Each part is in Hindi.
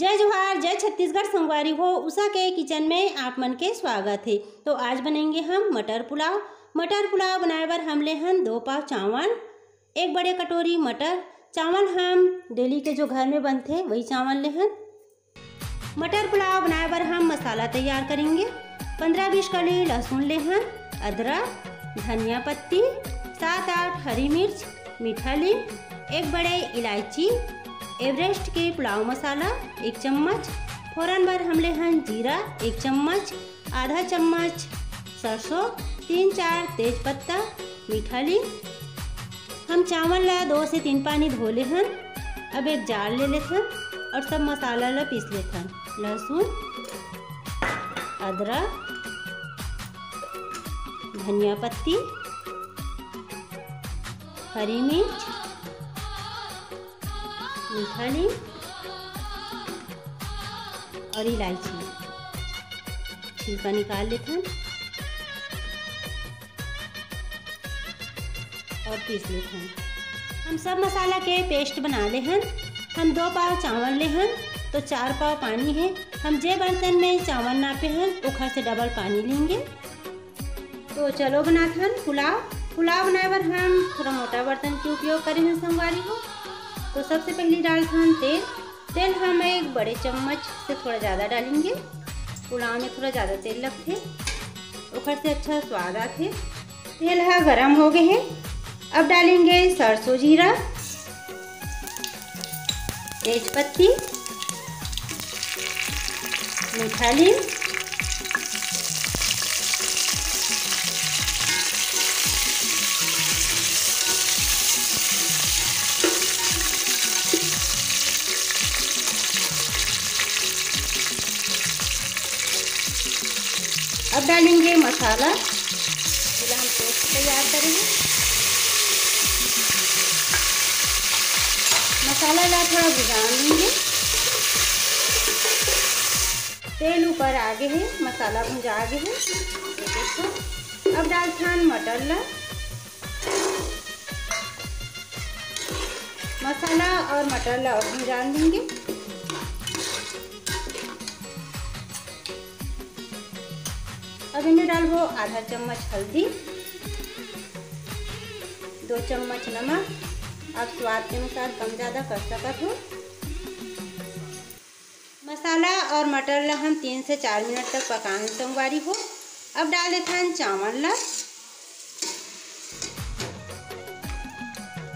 जय जोहार जय छत्तीसगढ़ सोमवारी हो उषा के किचन में आप मन के स्वागत है तो आज बनेंगे हम मटर पुलाव मटर पुलाव बनाए बर हम ले हम दो पाव चावल एक बड़े कटोरी मटर चावल हम डेली के जो घर में बनते वही चावल ले हम मटर पुलाव बनाए बर हम मसाला तैयार करेंगे पंद्रह बीस कली लहसुन ले हम अदरक धनिया पत्ती सात आठ हरी मिर्च मीठा लीम एक बड़े इलायची एवरेस्ट के पुलाव मसाला एक चम्मच फ़ौरन भर हमले हन जीरा एक चम्मच आधा चम्मच सरसों तीन चार तेज पत्ता मीठा ली हम चावल ला दो से तीन पानी धो ले हन अब एक जार ले लेथन और सब मसाला ला पीस लेथन लहसुन अदरक धनिया पत्ती हरी मिर्च मीठा और इलायची छिलका निकाल लेते हैं और पीस लेते हैं हम सब मसाला के पेस्ट बना ले हैं हम दो पाव चावल ले हैं तो चार पाव पानी है हम जे बर्तन में चावल नापे हैं उखर से डबल पानी लेंगे तो चलो बनाते हैं पुलाव पुलाव बनाए पर हम थोड़ा मोटा बर्तन के उपयोग करें हैं सोमवारी को तो सबसे पहले डाल हम तेल तेल हम एक बड़े चम्मच से थोड़ा ज़्यादा डालेंगे पुलाव में थोड़ा ज़्यादा तेल लगते ऊपर से अच्छा स्वाद आते तेल है हाँ गरम हो गए हैं अब डालेंगे सरसों जीरा तेजपत्ती मीठा मिठाली अब डालेंगे मसाला जिला हम पेस्ट तैयार करेंगे मसाला ला थोड़ा भिगा लेंगे तेल ऊपर आगे है मसाला भुंजा गए है अब डाल छान मटर ला मसाला और मटर ला और भुंजान देंगे अब इनमें डालबो आधा चम्मच हल्दी दो चम्मच नमक आप स्वाद के अनुसार कम ज़्यादा कर सकते हो मसाला और मटर ला हम तीन से चार मिनट तक पकाने संगवारी हो अब डाल देते चावल ला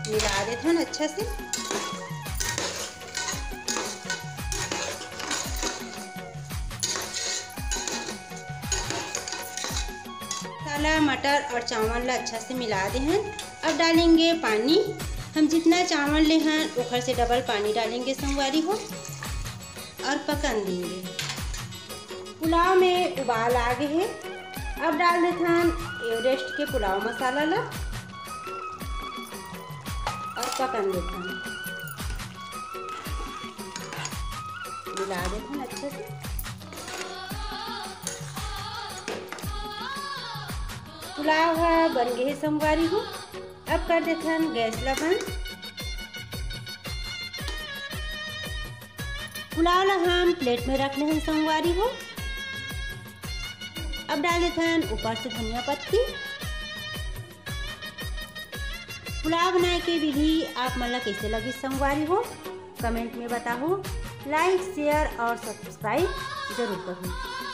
मिला देते अच्छा से मसाला मटर और चावल ला अच्छा से मिला दे हैं अब डालेंगे पानी हम जितना चावल ले हैं ऊपर से डबल पानी डालेंगे सोमवारी हो और पकन देंगे पुलाव में उबाल आ गए हैं अब डाल देते हैं एवरेस्ट के पुलाव मसाला ला और पकन देते हैं मिला देते हैं अच्छे से पुलाव है बन गए सोमवारी हो अब कर देथन गैस ला बंद पुलाव ला हम प्लेट में रख हैं सोमवारी हो अब डाल हैं ऊपर से धनिया पत्ती पुलाव बनाए के विधि आप मन मतलब ला कैसे लगी सोमवारी हो कमेंट में बताओ लाइक शेयर और सब्सक्राइब जरूर करूँ